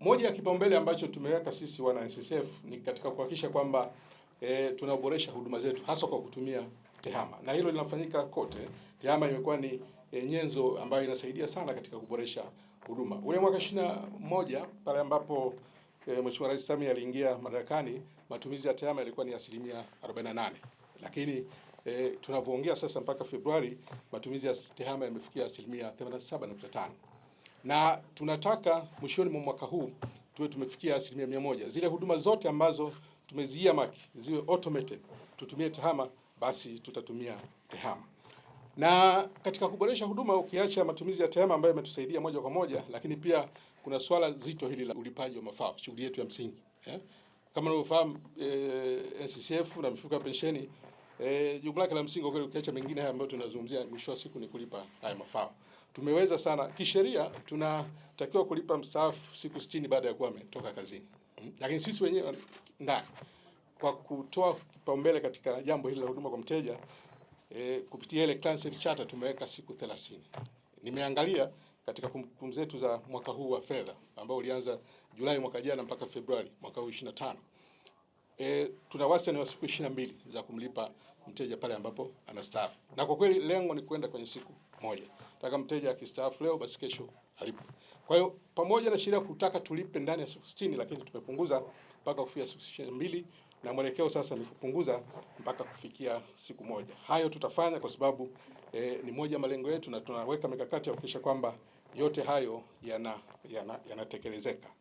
moja ya kipaumbele ambacho tumeweka sisi wana NSSF ni katika kuhakikisha kwamba e, tunaboresha huduma zetu hasa kwa kutumia TEHAMA na hilo linafanyika kote. TEHAMA imekuwa ni e, nyenzo ambayo inasaidia sana katika kuboresha huduma. Ule mwaka ishirini na moja pale ambapo e, Mheshimiwa Rais Samia aliingia madarakani, matumizi ya TEHAMA yalikuwa ni asilimia 48, lakini e, tunavyoongea sasa mpaka Februari matumizi ya TEHAMA yamefikia asilimia 87.5 na tunataka mwishoni mwa mwaka huu tuwe tumefikia asilimia mia moja. Zile huduma zote ambazo tumezia maki ziwe automated, tutumie TEHAMA, basi tutatumia TEHAMA. Na katika kuboresha huduma, ukiacha matumizi ya TEHAMA ambayo yametusaidia moja kwa moja, lakini pia kuna swala zito hili la ulipaji wa mafao, shughuli yetu ya msingi yeah. Kama unavyofahamu eh, NCCF na mifuko ya pensheni eh, jukumu lake la msingi kwa kweli, ukiacha mengine haya ambayo tunazungumzia, mwisho wa siku ni kulipa haya mafao tumeweza sana kisheria, tunatakiwa kulipa mstaafu siku 60 baada ya kuwa ametoka kazini, hmm. lakini sisi wenyewe ndani kwa kutoa kipaumbele katika jambo hili la huduma kwa mteja e, kupitia ile Client Charter tumeweka siku 30. Nimeangalia katika kumbukumbu zetu za mwaka huu wa fedha ambao ulianza Julai mwaka jana mpaka Februari mwaka huu 25. E, tuna wastani wa siku 22 za kumlipa mteja pale ambapo anastaafu, na kwa kweli lengo ni kwenda kwenye siku moja nataka mteja akistaafu leo basi kesho alipe. Kwa hiyo pamoja na sheria kutaka tulipe ndani ya siku 60 lakini tumepunguza mpaka kufikia siku 22 na mwelekeo sasa ni kupunguza mpaka kufikia siku moja. Hayo tutafanya kwa sababu eh, ni moja malengo yetu na tunaweka mikakati ya kuhakikisha kwamba yote hayo yanatekelezeka. Yana, yana